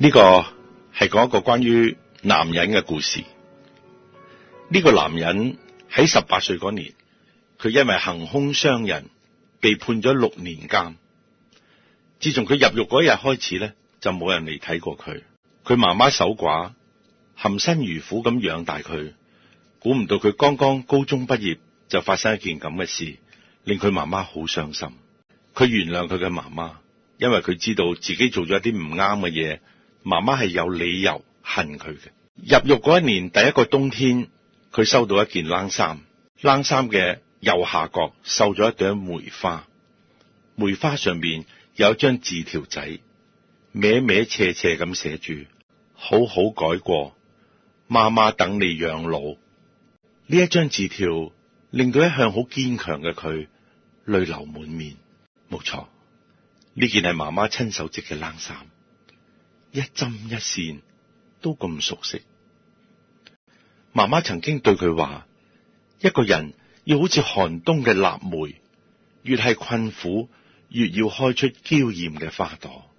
呢個係講一個關於男人嘅故事。呢個男人喺十八歲嗰年，佢因為行兇傷人被判咗六年監。自從佢入獄嗰一日開始呢就冇人嚟睇過佢。佢媽媽守寡，含辛茹苦咁養大佢。估唔到佢剛剛高中畢業就發生一件咁嘅事，令佢媽媽好傷心。佢原諒佢嘅媽媽，因為佢知道自己做咗一啲唔啱嘅嘢。媽媽係有理由恨佢嘅。入獄嗰一年第一個冬天，佢收到一件冷衫，冷衫嘅右下角繡咗一朵梅花，梅花上面有一張字條仔，歪歪斜斜咁寫住：好好改過，媽媽等你養老。呢一張字條令到一向好堅強嘅佢淚流滿面。冇錯，呢件係媽媽親手織嘅冷衫。一針一線都咁熟悉。媽媽曾經對佢話：一個人要好似寒冬嘅臘梅，越係困苦，越要開出嬌艷嘅花朵。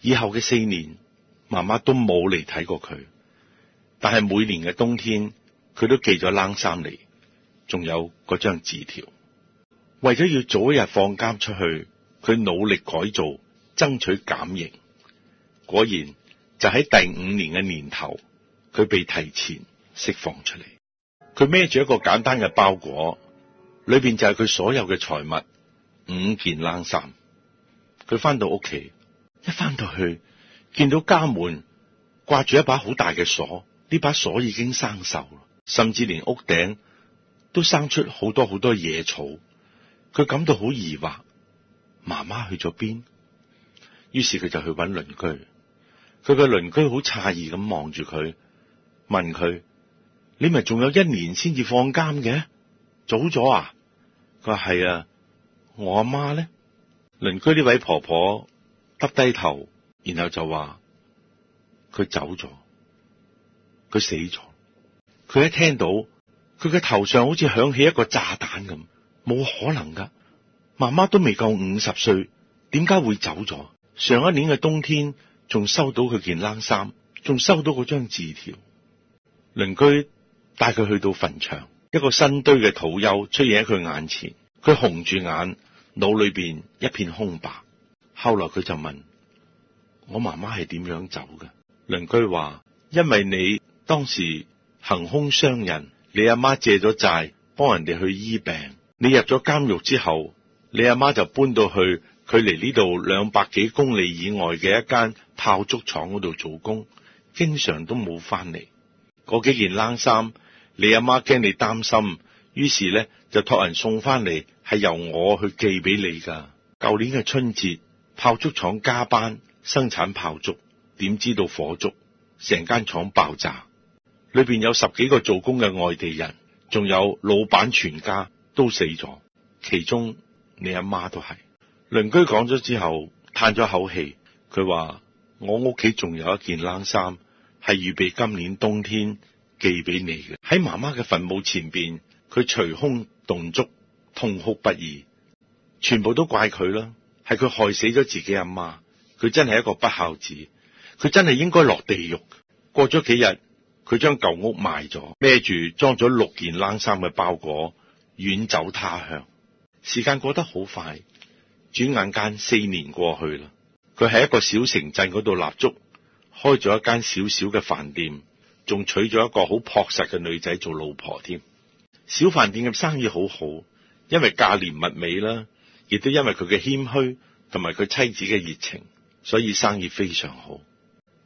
以後嘅四年，媽媽都冇嚟睇過佢，但係每年嘅冬天，佢都寄咗冷衫嚟，仲有嗰張字條。為咗要早一日放監出去，佢努力改造，爭取減刑。果然就喺第五年嘅年頭，佢被提前釋放出嚟。佢孭住一個簡單嘅包裹，裏邊就係佢所有嘅財物：五件冷衫。佢翻到屋企，一翻到去，見到家門掛住一把好大嘅鎖，呢把鎖已經生鏽，甚至連屋頂都生出好多好多野草。佢感到好疑惑，媽媽去咗邊？於是佢就去揾鄰居。佢嘅鄰居好詫異咁望住佢，問佢：你咪仲有一年先至放監嘅？早咗啊！佢話係啊。我阿媽咧，鄰居呢位婆婆耷低頭，然後就話佢走咗，佢死咗。佢一聽到，佢嘅頭上好似響起一個炸彈咁，冇可能噶。媽媽都未夠五十歲，點解會走咗？上一年嘅冬天。仲收到佢件冷衫，仲收到嗰張字條。鄰居帶佢去到墳場，一個新堆嘅土丘出現喺佢眼前。佢紅住眼，腦裏邊一片空白。後來佢就問我媽媽係點樣走嘅？鄰居話：因為你當時行凶傷人，你阿媽借咗債幫人哋去醫病。你入咗監獄之後，你阿媽就搬到去。佢距離呢度兩百幾公里以外嘅一間炮竹廠嗰度做工，經常都冇翻嚟。嗰幾件冷衫，你阿媽驚你擔心，於是呢，就託人送翻嚟，係由我去寄俾你噶。舊年嘅春節，炮竹廠加班，生產炮竹，點知道火燭，成間廠爆炸，裏邊有十幾個做工嘅外地人，仲有老闆全家都死咗，其中你阿媽都係。鄰居講咗之後，嘆咗口氣，佢話：我屋企仲有一件冷衫，係預備今年冬天寄俾你嘅。喺媽媽嘅墳墓前邊，佢捶胸頓足，痛哭不已。全部都怪佢啦，係佢害死咗自己阿媽。佢真係一個不孝子，佢真係應該落地獄。過咗幾日，佢將舊屋賣咗，孭住裝咗六件冷衫嘅包裹，遠走他鄉。時間過得好快。轉眼間四年過去啦，佢喺一個小城鎮嗰度立足，開咗一間小小嘅飯店，仲娶咗一個好樸實嘅女仔做老婆添。小飯店嘅生意好好，因為價廉物美啦，亦都因為佢嘅謙虛同埋佢妻子嘅熱情，所以生意非常好。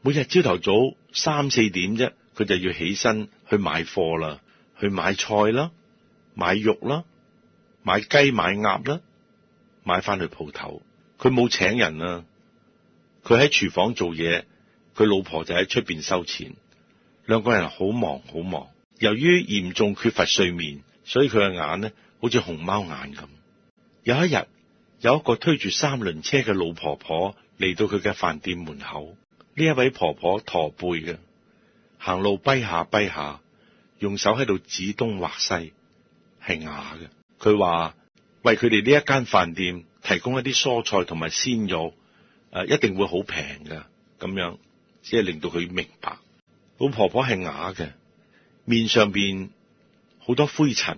每日朝頭早三四點啫，佢就要起身去買貨啦，去買菜啦，買肉啦，買雞買鴨啦。買翻去鋪頭，佢冇請人啊。佢喺廚房做嘢，佢老婆就喺出邊收錢，兩個人好忙好忙。由於嚴重缺乏睡眠，所以佢嘅眼呢，好似熊貓眼咁。有一日，有一個推住三輪車嘅老婆婆嚟到佢嘅飯店門口。呢一位婆婆駝背嘅，行路跛下跛下，用手喺度指東畫西，係啞嘅。佢話。為佢哋呢一間飯店提供一啲蔬菜同埋鮮肉，誒、呃，一定會好平㗎。咁樣，即係令到佢明白。老婆婆係啞嘅，面上邊好多灰塵，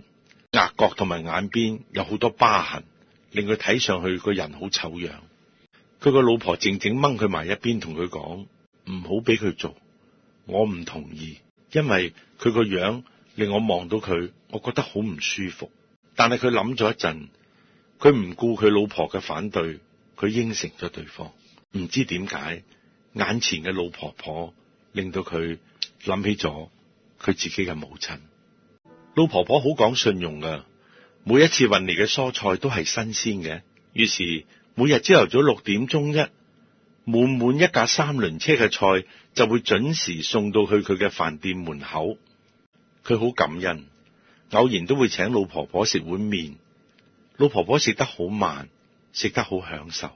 額角同埋眼邊有好多疤痕，令佢睇上去個人好醜樣。佢個老婆靜靜掹佢埋一邊，同佢講唔好俾佢做，我唔同意，因為佢個樣令我望到佢，我覺得好唔舒服。但係佢諗咗一陣。佢唔顧佢老婆嘅反對，佢應承咗對方。唔知點解，眼前嘅老婆婆令到佢諗起咗佢自己嘅母親。老婆婆好講信用噶，每一次運嚟嘅蔬菜都係新鮮嘅。於是每日朝頭早六點鐘一滿滿一架三輪車嘅菜，就會準時送到去佢嘅飯店門口。佢好感恩，偶然都會請老婆婆食碗麵。老婆婆食得好慢，食得好享受。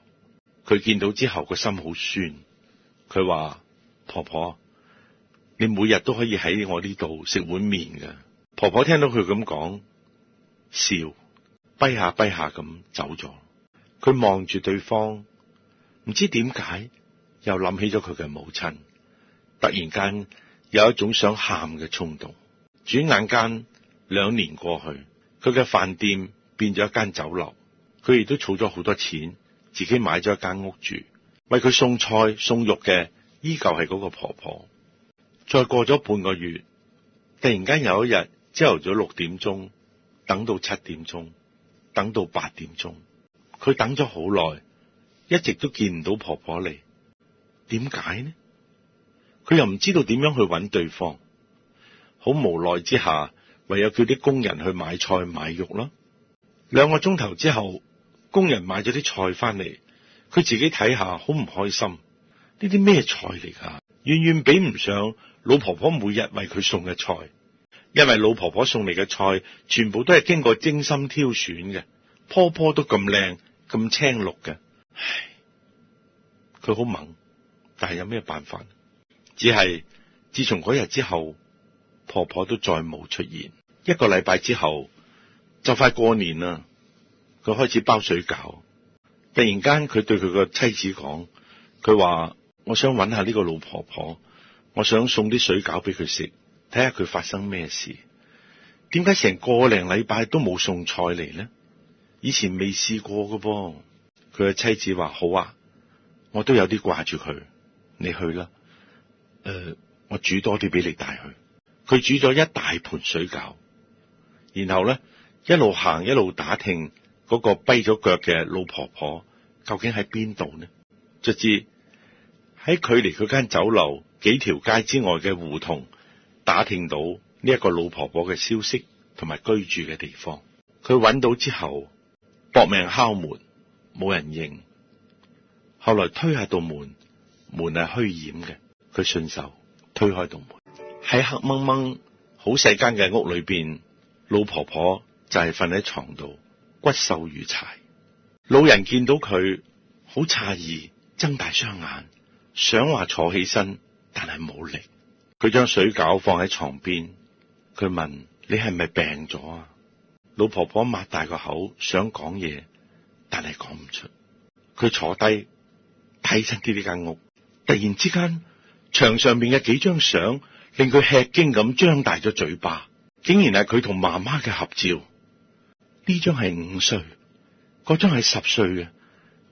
佢見到之後個心好酸。佢話婆婆，你每日都可以喺我呢度食碗麵噶。婆婆聽到佢咁講，笑，跛下跛下咁走咗。佢望住對方，唔知點解又諗起咗佢嘅母親。突然間有一種想喊嘅衝動。轉眼間兩年過去，佢嘅飯店，變咗一間酒樓，佢亦都儲咗好多錢，自己買咗一間屋住。為佢送菜送肉嘅，依舊係嗰個婆婆。再過咗半個月，突然間有一日，朝頭早六點鐘等到七點鐘，等到八點鐘，佢等咗好耐，一直都見唔到婆婆嚟。點解呢？佢又唔知道點樣去揾對方，好無奈之下，唯有叫啲工人去買菜買肉咯。兩個鐘頭之後，工人買咗啲菜翻嚟，佢自己睇下，好唔開心。呢啲咩菜嚟㗎？遠遠比唔上老婆婆每日為佢送嘅菜，因為老婆婆送嚟嘅菜全部都係經過精心挑選嘅，棵棵都咁靚、咁青綠嘅。唉，佢好猛，但係有咩辦法？只係自從嗰日之後，婆婆都再冇出現。一個禮拜之後。就快過年啦，佢開始包水餃。突然間，佢對佢個妻子講：佢話我想揾下呢個老婆婆，我想送啲水餃俾佢食，睇下佢發生咩事。點解成個零禮拜都冇送菜嚟呢？以前未試過㗎噃。佢個妻子話：好啊，我都有啲掛住佢，你去啦。誒、呃，我煮多啲俾你帶去。佢煮咗一大盤水餃，然後咧。一路行，一路打聽嗰個跛咗腳嘅老婆婆究竟喺邊度呢？直至喺距離佢間酒樓幾條街之外嘅胡同，打聽到呢一個老婆婆嘅消息同埋居住嘅地方。佢揾到之後，搏命敲門，冇人應。後來推下道門，門係虛掩嘅，佢順手推開道門，喺黑掹掹好細間嘅屋裏邊，老婆婆。就係瞓喺床度，骨瘦如柴。老人見到佢好詫異，睜大雙眼，想話坐起身，但係冇力。佢將水餃放喺床邊，佢問：你係咪病咗啊？老婆婆擘大個口，想講嘢，但係講唔出。佢坐低睇親啲呢間屋，突然之間牆上面嘅幾張相令佢吃驚咁張大咗嘴巴，竟然係佢同媽媽嘅合照。呢張係五歲，嗰張係十歲嘅，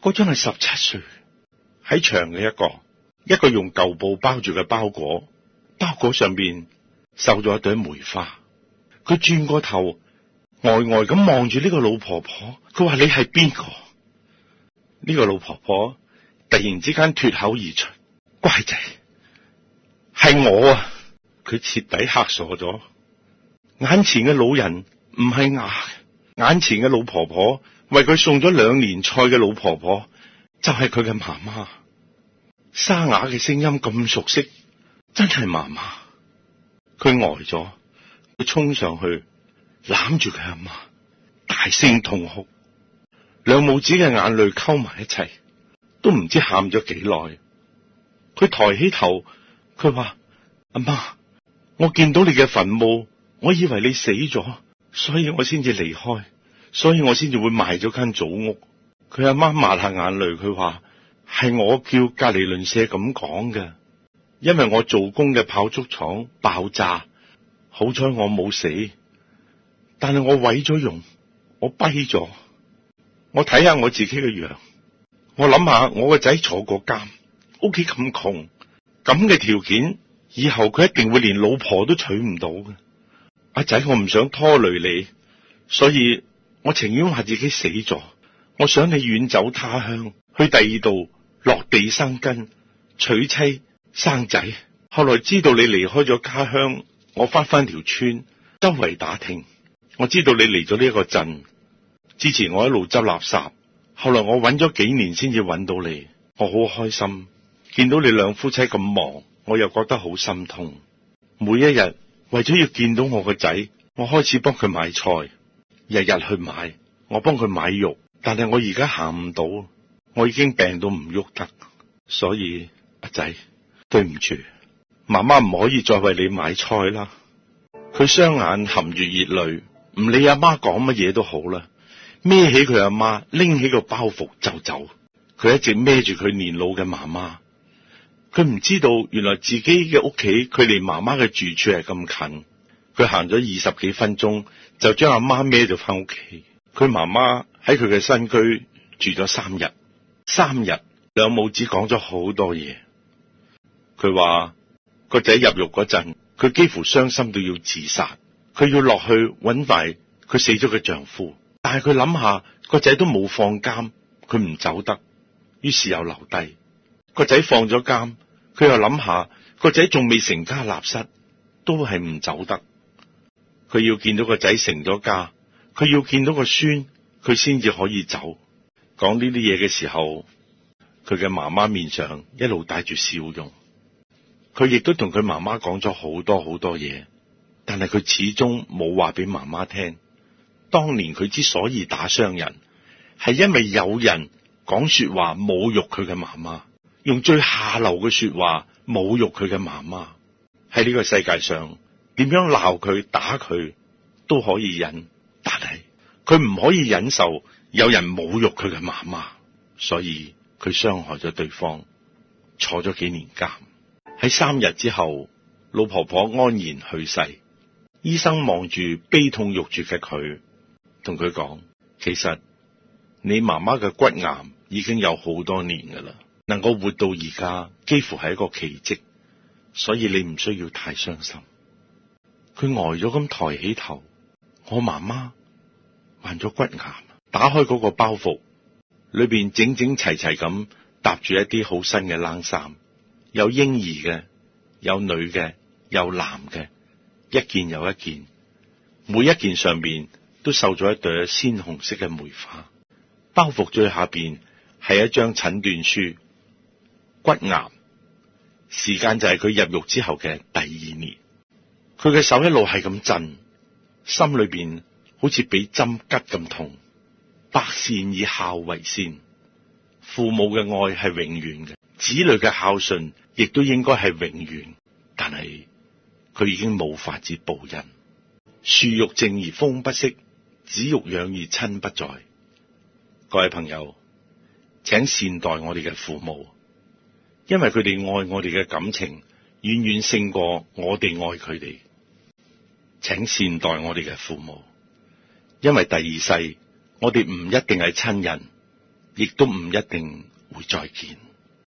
嗰張係十七歲喺牆嘅一個，一個用舊布包住嘅包裹，包裹上邊繡咗一朵梅花。佢轉過頭，呆呆咁望住呢個老婆婆，佢話你係邊個？呢、這個老婆婆突然之間脫口而出：乖仔，係我啊！佢徹底嚇傻咗，眼前嘅老人唔係牙。眼前嘅老婆婆，為佢送咗兩年菜嘅老婆婆，就係佢嘅媽媽。沙啞嘅聲音咁熟悉，真係媽媽。佢呆咗，佢衝上去攬住佢阿媽，大聲痛哭，兩母子嘅眼淚溝埋一齊，都唔知喊咗幾耐。佢抬起頭，佢話：阿媽，我見到你嘅墳墓，我以為你死咗。所以我先至離開，所以我先至會賣咗間祖屋。佢阿媽抹下眼淚，佢話，係我叫隔籬鄰舍咁講嘅，因為我做工嘅炮竹廠爆炸，好彩我冇死，但係我毀咗容，我跛咗，我睇下我自己嘅樣，我諗下我個仔坐過監，屋企咁窮，咁嘅條件，以後佢一定會連老婆都娶唔到嘅。阿仔，我唔想拖累你，所以我情願話自己死咗。我想你遠走他鄉，去第二度落地生根，娶妻生仔。後來知道你離開咗家鄉，我翻翻條村周圍打聽，我知道你嚟咗呢一個鎮。之前我一路執垃圾，後來我揾咗幾年先至揾到你，我好開心見到你兩夫妻咁忙，我又覺得好心痛。每一日。為咗要見到我個仔，我開始幫佢買菜，日日去買。我幫佢買肉，但係我而家行唔到，我已經病到唔喐得。所以阿仔，對唔住，媽媽唔可以再為你買菜啦。佢雙眼含住熱淚，唔理阿媽講乜嘢都好啦，孭起佢阿媽，拎起個包袱就走。佢一直孭住佢年老嘅媽媽。佢唔知道，原來自己嘅屋企距離媽媽嘅住處係咁近。佢行咗二十幾分鐘，就將阿媽孭咗翻屋企。佢媽媽喺佢嘅新居住咗三日，三日兩母子講咗好多嘢。佢話個仔入獄嗰陣，佢幾乎傷心到要自殺，佢要落去揾埋佢死咗嘅丈夫。但係佢諗下個仔都冇放監，佢唔走得，於是又留低個仔放咗監。佢又諗下，個仔仲未成家立室，都係唔走得。佢要見到個仔成咗家，佢要見到個孫，佢先至可以走。講呢啲嘢嘅時候，佢嘅媽媽面上一路帶住笑容。佢亦都同佢媽媽講咗好多好多嘢，但係佢始終冇話俾媽媽聽。當年佢之所以打傷人，係因為有人講說話侮辱佢嘅媽媽。用最下流嘅說話侮辱佢嘅媽媽，喺呢個世界上點樣鬧佢打佢都可以忍，但係佢唔可以忍受有人侮辱佢嘅媽媽，所以佢傷害咗對方，坐咗幾年監。喺三日之後，老婆婆安然去世。醫生望住悲痛欲絕嘅佢，同佢講：其實你媽媽嘅骨癌已經有好多年噶啦。能夠活到而家，幾乎係一個奇跡，所以你唔需要太傷心。佢呆咗咁，抬起頭，我媽媽患咗骨癌。打開嗰個包袱，裏邊整整齊齊咁搭住一啲好新嘅冷衫，有嬰兒嘅，有女嘅，有男嘅，一件又一件。每一件上面都繡咗一朵鮮紅色嘅梅花。包袱最下邊係一張診斷書。骨癌時間就係佢入獄之後嘅第二年，佢嘅手一路係咁震，心裏邊好似俾針吉咁痛。百善以孝為先，父母嘅愛係永遠嘅，子女嘅孝順亦都應該係永遠。但係佢已經冇法子報恩。樹欲靜而風不息，子欲養而親不在。各位朋友，請善待我哋嘅父母。因為佢哋愛我哋嘅感情，遠遠勝過我哋愛佢哋。請善待我哋嘅父母，因為第二世我哋唔一定係親人，亦都唔一定會再見。